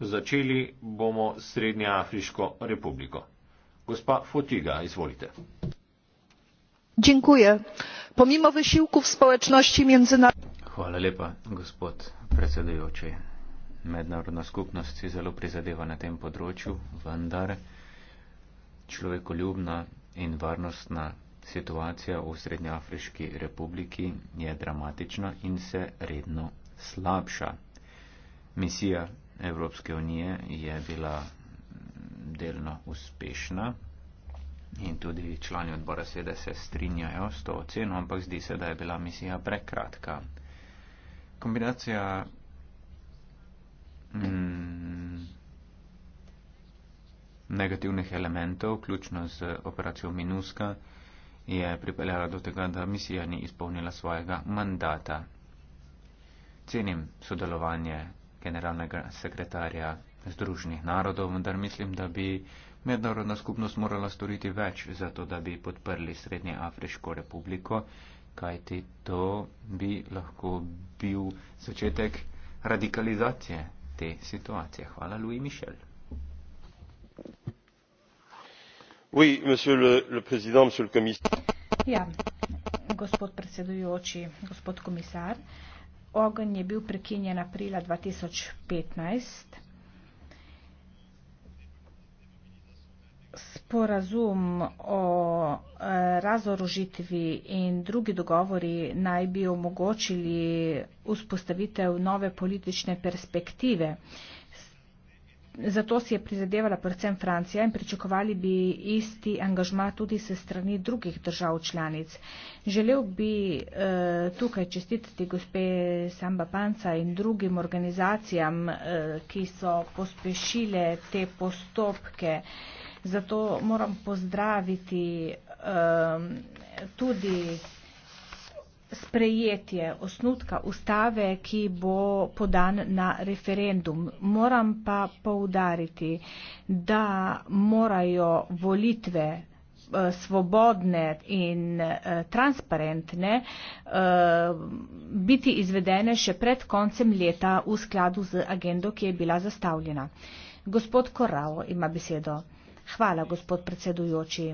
Začeli bomo s Srednjeafriško republiko. Gospa Fotiga, izvolite. Dziękuję. Pomimo wysiłków społeczności międzynarodowej. Situacija v Srednjeafriški republiki je dramatična in se redno slabša. Misija Evropske unije je bila delno uspešna in tudi člani odbora seveda se strinjajo s to oceno, ampak zdi se, da je bila misija prekratka. Kombinacija mm, negativnih elementov, vključno z operacijo Minuska, je pripeljala do tega, da misija ni izpolnila svojega mandata. Cenim sodelovanje generalnega sekretarja Združenih narodov, vendar mislim, da bi mednarodna skupnost morala storiti več za to, da bi podprli Srednje Afriško republiko, kajti to bi lahko bil začetek radikalizacije te situacije. Hvala, Louis Michel. Oui, monsieur le, le président, monsieur le commissaire. Ja, gospod predsedujoči, gospod komisar. Uh, ogenj je bil prekinjen aprila 2015. Sporazum o eh, razorožitvi in drugi dogovori naj bi omogočili vzpostavitev nove politične perspektive za to si je prizadevala predvsem Francija in pričakovali bi isti angažma tudi se strani drugih držav članic. Želel bi eh, tukaj čestitati gospe Samba Panca in drugim organizacijam, eh, ki so pospešile te postopke. Zato moram pozdraviti eh, tudi sprejetje osnutka ustave, ki bo podan na referendum. Moram pa poudariti, da morajo volitve eh, svobodne in eh, transparentne eh, biti izvedene še pred koncem leta v skladu z agendo, ki je bila zastavljena. Gospod Koralo ima besedo. Hvala, gospod predsedujoči.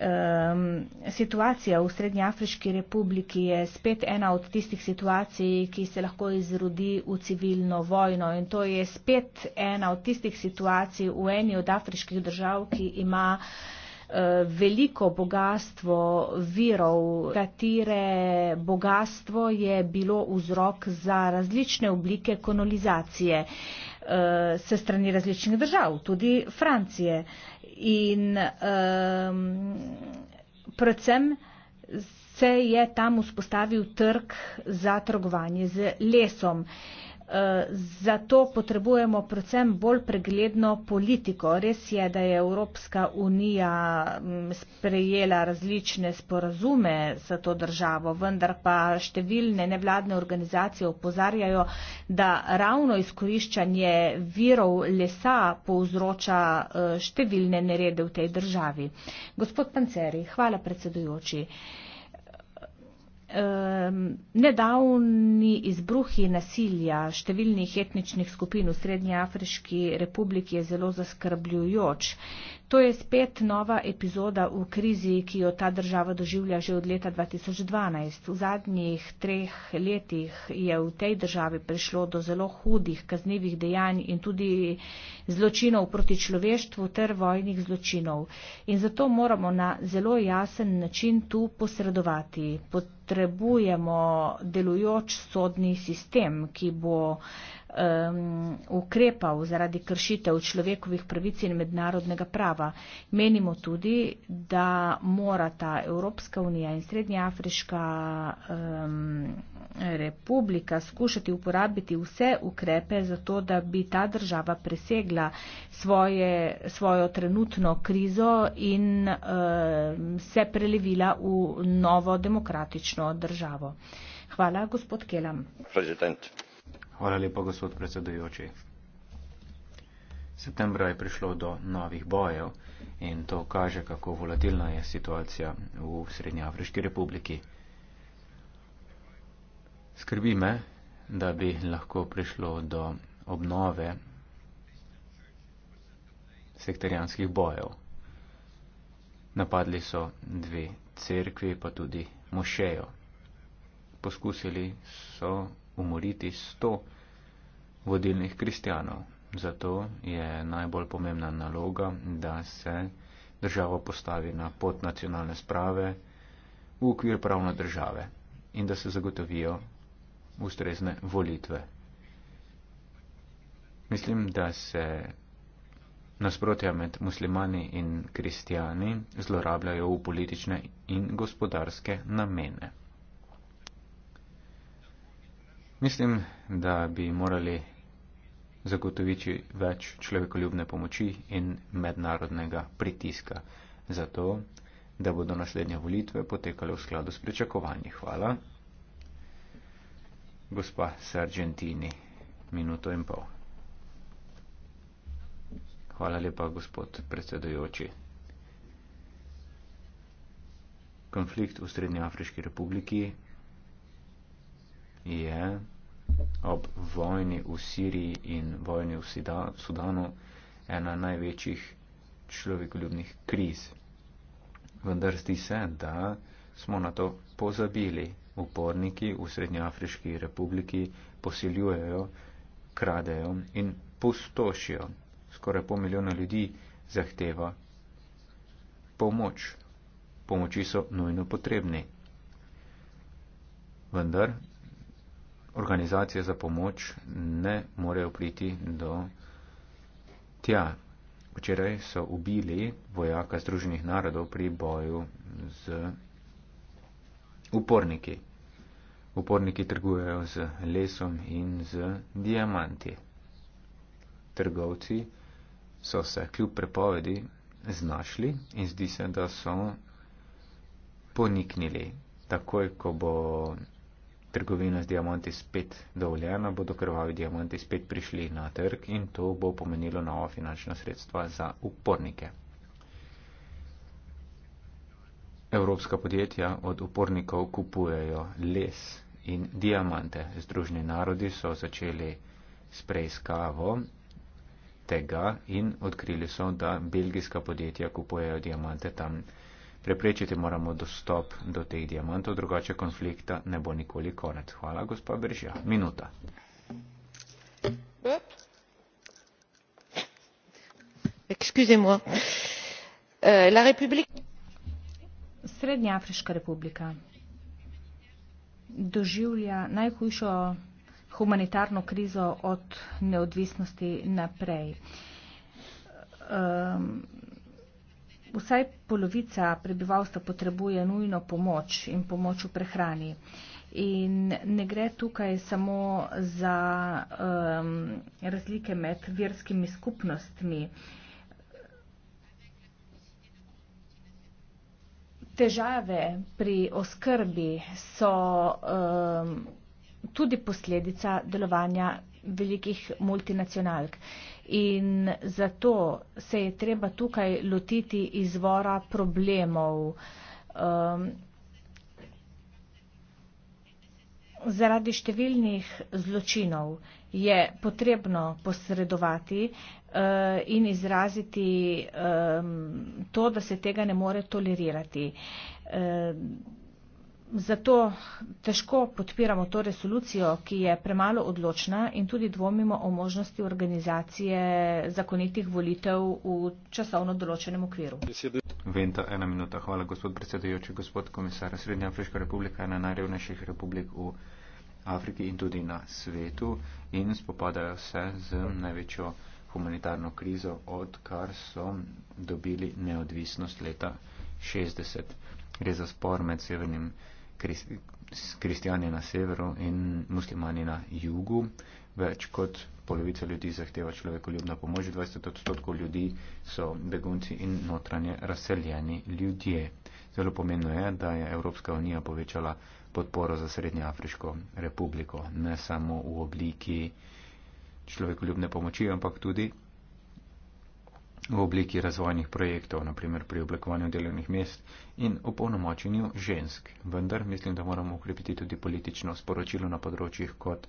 Um, situacija v Srednjeafriški republiki je spet ena od tistih situacij, ki se lahko izrodi v civilno vojno in to je spet ena od tistih situacij v eni od afriških držav, ki ima eh, veliko bogatstvo virov, katere bogatstvo je bilo vzrok za različne oblike kolonizacije. Uh, uh, se strani različnih držav, tudi Francije. In um, predvsem se je tam vzpostavil trg za trgovanje z lesom. Uh, zato potrebujemo predvsem bolj pregledno politiko. Res je, da je Evropska unija mm, sprejela različne sporazume za to državo, vendar pa številne nevladne organizacije opozarjajo, da ravno izkoriščanje virov lesa povzroča eh, številne nerede v tej državi. Gospod Panceri, hvala predsedujoči. Nedavni izbruhi nasilja številnih etničnih skupin v Srednji Afriški republiki je zelo zaskrbljujoč. To je spet nova epizoda v krizi, ki jo ta država doživlja že od leta 2012. V zadnjih treh letih je v tej državi prišlo do zelo hudih kaznevih dejanj in tudi zločinov proti človeštvu ter vojnih zločinov. In zato moramo na zelo jasen način tu posredovati. Potrebujemo delujoč sodni sistem, ki bo um, ukrepal zaradi kršitev človekovih pravic in mednarodnega prava. Menimo tudi, da morata Evropska unija in Srednjeafriška um, republika skušati uporabiti vse ukrepe za to, da bi ta država presegla svoje, svojo trenutno krizo in um, se prelevila v novo demokratično državo. Hvala, gospod Kelam. President. Hvala lepa, gospod predsedujoči. Septembra je prišlo do novih bojev in to kaže, kako volatilna je situacija v Srednjeafriški republiki. Skrbi me, da bi lahko prišlo do obnove sektarijanskih bojev. Napadli so dve cerkvi, pa tudi mošejo. Poskusili so umoriti sto vodilnih kristijanov. Zato je najbolj pomembna naloga, da se država postavi na pot nacionalne sprave v okvir pravne države in da se zagotovijo ustrezne volitve. Mislim, da se nasprotja med muslimani in kristijani zlorabljajo v politične in gospodarske namene. Mislim, da bi morali zagotoviti več človekoljubne pomoči in mednarodnega pritiska za to, da bodo naslednje volitve potekale v skladu s pričakovanji. Hvala. Gospa Sargentini, minuto in pol. Hvala lepa, gospod predsedujoči. Konflikt v Srednji Afriški republiki je ob vojni v Siriji in vojni v Sudanu ena največjih človekoljubnih kriz. Vendar zdi se, da smo na to pozabili. Uporniki v Srednjeafriški republiki posiljujejo, kradejo in pustošijo. Skoraj pol milijona ljudi zahteva pomoč. Pomoči so nujno potrebni. Vendar organizacije za pomoč ne morejo priti do tja. Včeraj so ubili vojaka Združenih narodov pri boju z uporniki. Uporniki trgujejo z lesom in z diamanti. Trgovci so se kljub prepovedi znašli in zdi se, da so poniknili. Takoj, ko bo trgovino z diamanti spet dovoljena, bodo krvavi diamanti spet prišli na trg in to bo pomenilo nova finančna sredstva za upornike. Evropska podjetja od upornikov kupujejo les in diamante. Združeni narodi so začeli s preiskavo tega in odkrili so, da belgijska podjetja kupujejo diamante tam. Preprečiti moramo dostop do teh diamantov, drugače konflikta ne bo nikoli konec. Hvala, gospa Bržja. Minuta. Euh, Srednjeafriška republika doživlja najhujšo humanitarno krizo od neodvisnosti naprej. Um, Vsaj polovica prebivalstva potrebuje nujno pomoč in pomoč v prehrani. In ne gre tukaj samo za um, razlike med verskimi skupnostmi. Težave pri oskrbi so um, tudi posledica delovanja velikih multinacionalk. In zato se je treba tukaj lotiti izvora problemov. Um, zaradi številnih zločinov je potrebno posredovati uh, in izraziti um, to, da se tega ne more tolerirati. Uh, Zato težko podpiramo to resolucijo, ki je premalo odločna in tudi dvomimo o možnosti organizacije zakonitih volitev v časovno določenem okviru. Venta, ena minuta. Hvala, gospod predsedujoči, gospod komisar. Srednja Afriška republika je ena najrevnejših republik v Afriki in tudi na svetu in spopadajo se z največjo humanitarno krizo, odkar so dobili neodvisnost leta 60. Gre za spor med severnim kristijani na severu in muslimani na jugu. Več kot polovica ljudi zahteva človekoljubno pomoč, 20 odstotkov ljudi so begunci in notranje razseljeni ljudje. Zelo pomembno je, da je Evropska unija povečala podporo za Srednjeafriško republiko, ne samo v obliki človekoljubne pomoči, ampak tudi v obliki razvojnih projektov, naprimer pri oblikovanju delovnih mest in opolnomočenju žensk. Vendar mislim, da moramo ukrepiti tudi politično sporočilo na področjih, kot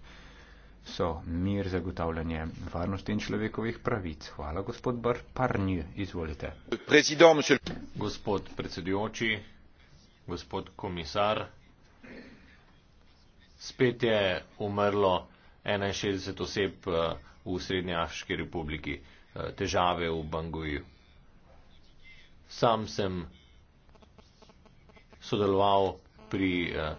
so mir, zagotavljanje varnosti in človekovih pravic. Hvala, gospod Barparnju, izvolite. Gospod predsedujoči, gospod komisar, spet je umrlo 61 oseb eh, v Srednjaški republiki. Eh, težave v Banguju. Sam sem sodeloval pri eh,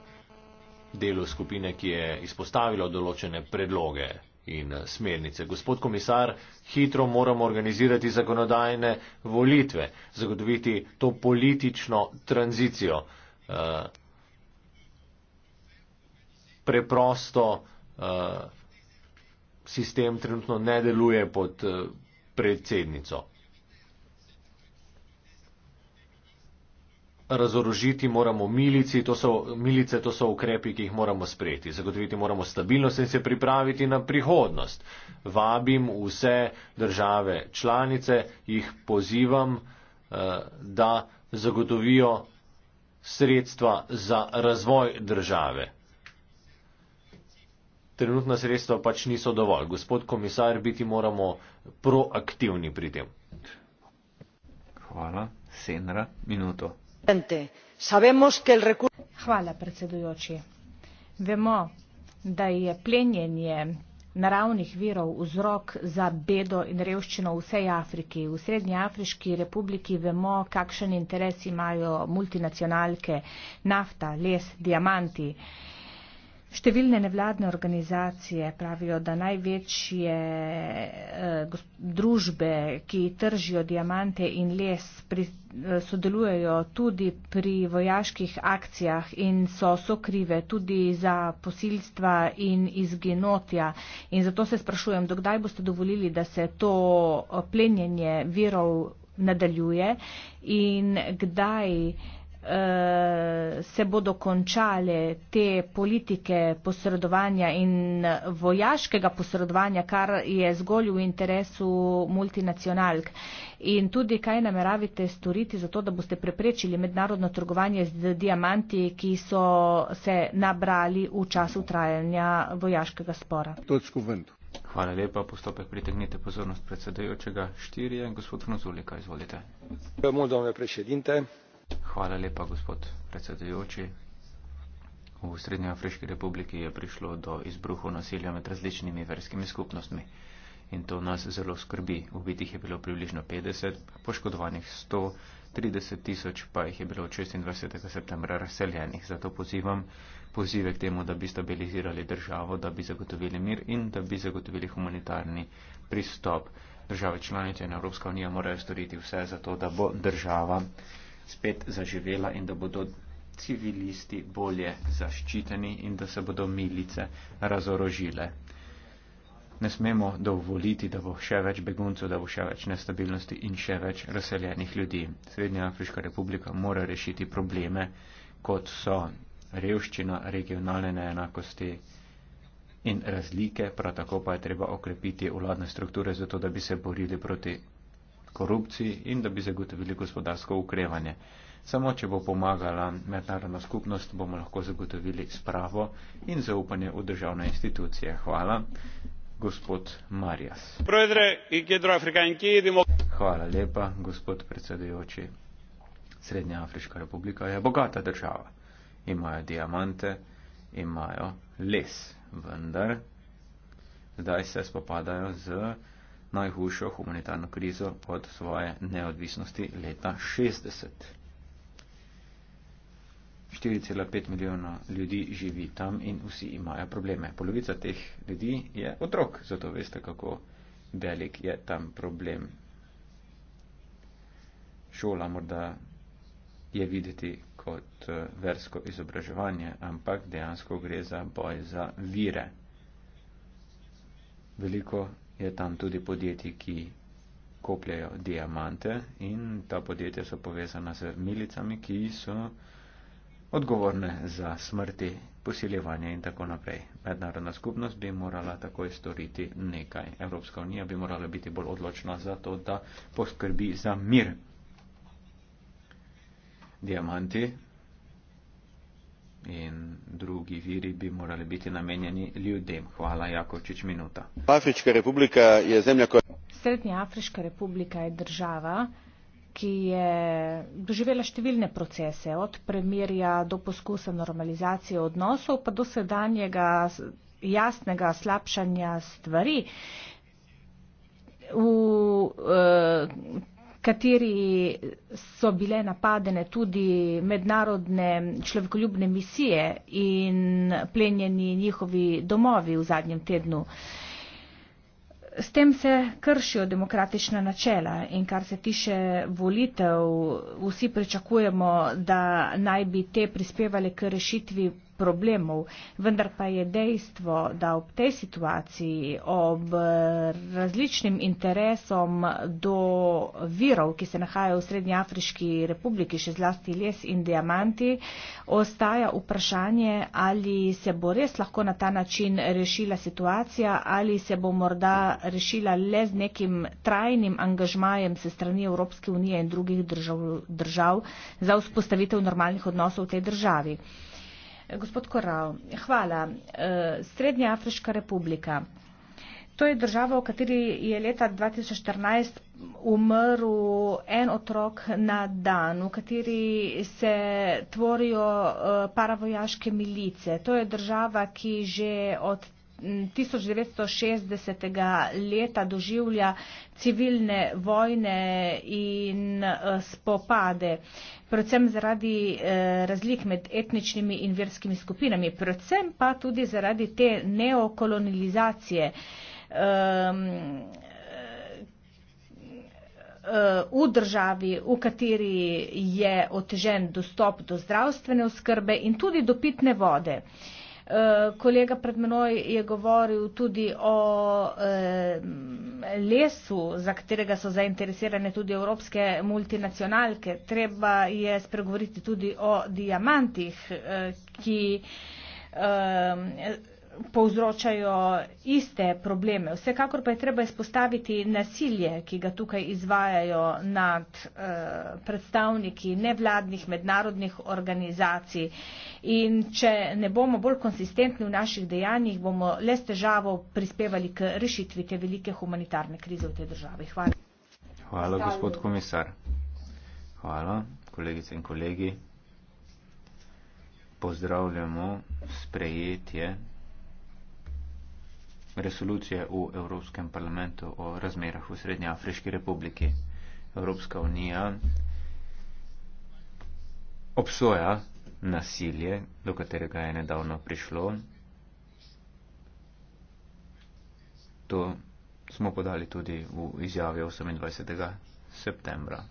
delu skupine, ki je izpostavila določene predloge in eh, smernice. Gospod komisar, hitro moramo organizirati zakonodajne volitve, zagotoviti to politično tranzicijo. Preprosto sistem trenutno ne deluje pod predsednico. Razorožiti moramo milici, to so, milice, to so ukrepi, ki jih moramo sprejeti. Zagotoviti moramo stabilnost in se pripraviti na prihodnost. Vabim vse države članice, jih pozivam, eh, da zagotovijo sredstva za razvoj države trenutna sredstva pač niso dovolj. Gospod komisar, biti moramo proaktivni pri tem. Hvala. Senra, minuto. Hvala, predsedujoči. Vemo, da je plenjenje naravnih virov vzrok za bedo in revščino v vsej Afriki. V Srednji Afriški republiki vemo, kakšen interes imajo multinacionalke, nafta, les, diamanti. Številne nevladne organizacije pravijo, da največje eh, družbe, ki tržijo diamante in les, eh, sodelujejo tudi pri vojaških akcijah in so sokrive tudi za posilstva in izginotja. In zato se sprašujem, dokdaj boste dovolili, da se to eh, plenjenje virov nadaljuje in kdaj. Eh, se bodo končale te politike posredovanja in vojaškega posredovanja, kar je zgolj v interesu multinacionalk. In tudi, kaj nameravite storiti za to, da boste preprečili mednarodno trgovanje z diamanti, ki so se nabrali v času trajanja vojaškega spora? Hvala lepa, postopek pritegnite pozornost predsedajočega. Štirje, gospod Franzulika, izvolite. Mulțumesc, domnule președinte. Hvala lepa, gospod predsedujoči. V Srednjoafriški republiki je prišlo do izbruhu nasilja med različnimi verskimi skupnostmi in to nas zelo skrbi. Ubitih je bilo približno 50, poškodovanih 130 tisoč, pa jih je bilo 26. septembra razseljenih. Zato pozivam pozive k temu, da bi stabilizirali državo, da bi zagotovili mir in da bi zagotovili humanitarni pristop. Države članice in Evropska unija morajo storiti vse za to, da bo država spet zaživela in da bodo civilisti bolje zaščiteni in da se bodo milice razorožile. Ne smemo dovoliti, da bo še več beguncev, da bo še več nestabilnosti in še več razseljenih ljudi. Srednja Afriška republika mora rešiti probleme, kot so revščina, regionalne neenakosti in razlike, prav tako pa je treba okrepiti vladne strukture, zato da bi se borili proti korupciji in da bi zagotovili gospodarsko ukrevanje. Samo če bo pomagala mednarodna skupnost, bomo lahko zagotovili spravo in zaupanje v državne institucije. Hvala, gospod Marjas. Hvala lepa, gospod predsedujoči. Srednja Afriška republika je bogata država. Imajo diamante, imajo les, vendar zdaj se spopadajo z najhujšo humanitarno krizo od svoje neodvisnosti leta 60. 4,5 milijona ljudi živi tam in vsi imajo probleme. Polovica teh ljudi je otrok, zato veste, kako velik je tam problem. Šola morda je videti kot eh, versko izobraževanje, ampak dejansko gre za boj za vire. Veliko je tam tudi podjetij, ki kopljajo diamante in ta podjetja so povezana z milicami, ki so odgovorne za smrti, posiljevanje in tako naprej. Mednarodna skupnost bi morala takoj storiti nekaj. Evropska unija bi morala biti bolj odločna za to, da poskrbi za mir. Diamanti in drugi viri bi morali biti namenjeni ljudem. Hvala, Jakočič, minuta. Afriška republika je zemlja, koja... Srednja Afriška republika je država, ki je doživela številne procese, od premirja do poskusa normalizacije odnosov, pa do sedanjega jasnega slabšanja stvari. V, eh, kateri so bile napadene tudi mednarodne človekoljubne misije in plenjeni njihovi domovi v zadnjem tednu. S tem se kršijo demokratična načela in kar se tiše volitev, vsi pričakujemo, da naj bi te prispevali k rešitvi problemov, vendar pa je dejstvo, da ob tej situaciji, ob eh, različnim interesom do virov, ki se nahajajo v Srednji Afriški republiki, še zlasti les in diamanti, ostaja vprašanje, ali se bo res lahko na ta način rešila situacija, ali se bo morda rešila le z nekim trajnim angažmajem se strani Evropske unije in drugih držav, držav za vzpostavitev normalnih odnosov v tej državi. Uh, Gospod Koral, hvala. E, Srednja Afriška republika. To je država, v kateri je leta 2014 umrl en otrok na dan, v kateri se tvorijo e, paravojaške milice. To je država, ki že od 1960. leta doživlja civilne vojne in eh, spopade, predvsem zaradi eh, razlik med etničnimi in verskimi skupinami, predvsem pa tudi zaradi te neokolonizacije. Ehm, eh, v državi, v kateri je otežen dostop do zdravstvene oskrbe in tudi do pitne vode. Uh, Eh, kolega pred menoj je govoril tudi o eh, lesu, za katerega so zainteresirane tudi evropske multinacionalke. Treba je spregovoriti tudi o diamantih, eh, ki povzročajo iste probleme. Vsekakor pa je treba izpostaviti nasilje, ki ga tukaj izvajajo nad eh, predstavniki nevladnih mednarodnih organizacij. In če ne bomo bolj konsistentni v naših dejanjih, bomo le s težavo prispevali k rešitvi te velike humanitarne krize v tej državi. Hvala. Hvala, gospod komisar. Hvala, kolegice in kolegi. Pozdravljamo sprejetje resolucije v Evropskem parlamentu o razmerah v Srednji Afriški republiki. Evropska unija obsoja nasilje, do katerega je nedavno prišlo. To smo podali tudi v izjavi 28. septembra.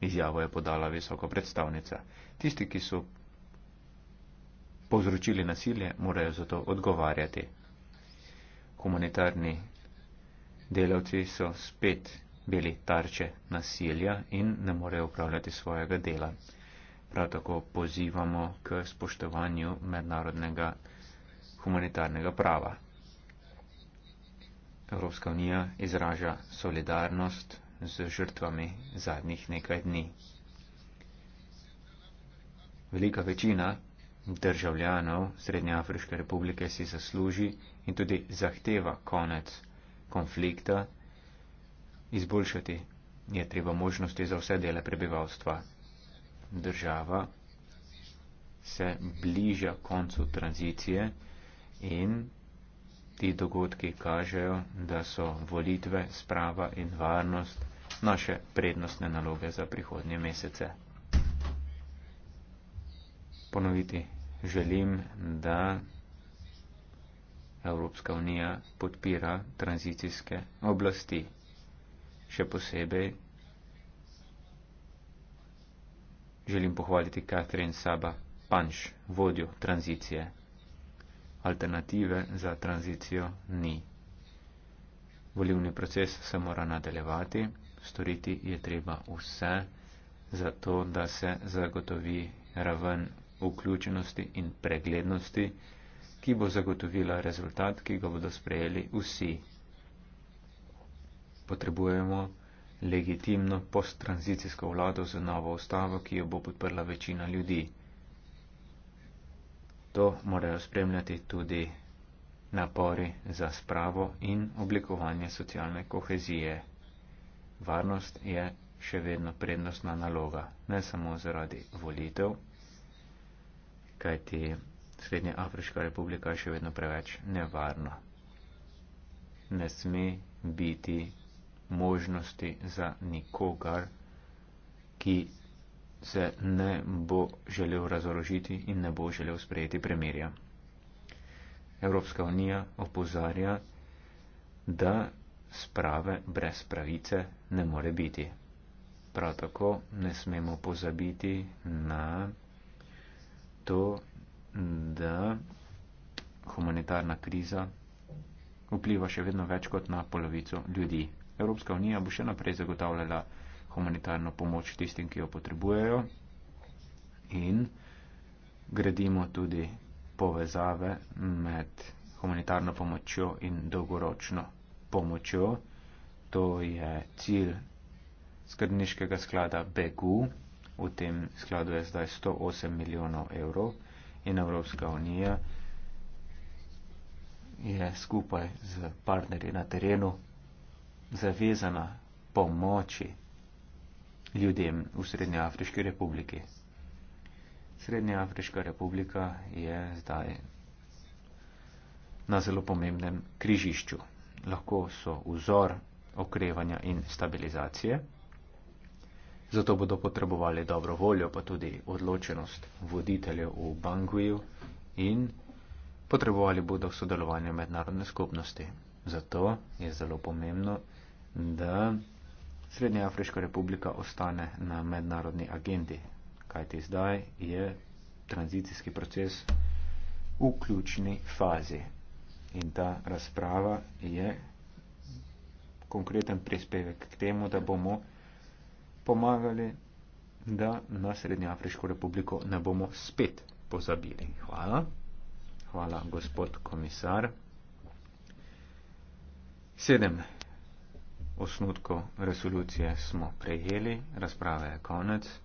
Izjavo je podala visoka predstavnica. Tisti, ki so povzročili nasilje, morajo za to odgovarjati. Humanitarni delavci so spet bili tarče nasilja in ne morejo upravljati svojega dela. Prav tako pozivamo k spoštovanju mednarodnega humanitarnega prava. Evropska unija izraža solidarnost z žrtvami zadnjih nekaj dni. Velika večina državljanov Srednjeafriške republike si zasluži in tudi zahteva konec konflikta, izboljšati je treba možnosti za vse dele prebivalstva. Država se bliža koncu tranzicije in ti dogodki kažejo, da so volitve, sprava in varnost naše prednostne naloge za prihodnje mesece. Ponoviti želim, da Evropska unija podpira tranzicijske oblasti. Še posebej želim pohvaliti Katrin Saba Panš, vodjo tranzicije. Alternative za tranzicijo ni. Volivni proces se mora nadaljevati, storiti je treba vse, zato da se zagotovi raven vključenosti in preglednosti, ki bo zagotovila rezultat, ki ga bodo sprejeli vsi. Potrebujemo legitimno posttranzicijsko vlado z novo ustavo, ki jo bo podprla večina ljudi. To morajo spremljati tudi napori za spravo in oblikovanje socialne kohezije. Varnost je še vedno prednostna naloga, ne samo zaradi volitev kajti Srednja Afriška republika je še vedno preveč nevarna. Ne sme biti možnosti za nikogar, ki se ne bo želel razorožiti in ne bo želel sprejeti premirja. Evropska unija opozarja, da sprave brez pravice ne more biti. Prav tako ne smemo pozabiti na to, da humanitarna kriza vpliva še vedno več kot na polovico ljudi. Evropska unija bo še naprej zagotavljala humanitarno pomoč tistim, ki jo potrebujejo in gradimo tudi povezave med humanitarno pomočjo in dolgoročno pomočjo. To je cilj skrbniškega sklada Begu, v tem skladu je zdaj 108 milijonov evrov in Evropska unija je skupaj z partnerji na terenu zavezana pomoči ljudem v Srednje Afriški republiki. Srednja Afriška republika je zdaj na zelo pomembnem križišču. Lahko so vzor okrevanja in stabilizacije zato bodo potrebovali dobro voljo, pa tudi odločenost voditeljev v Banguju in potrebovali bodo sodelovanje mednarodne skupnosti. Zato je zelo pomembno, da Srednja Afriška republika ostane na mednarodni agendi, kajti zdaj je tranzicijski proces v ključni fazi. In ta razprava je konkreten prispevek k temu, da bomo pomagali, da na Srednjeafriško republiko ne bomo spet pozabili. Hvala. Hvala, gospod komisar. Sedem osnutkov resolucije smo prejeli, razprava je konec.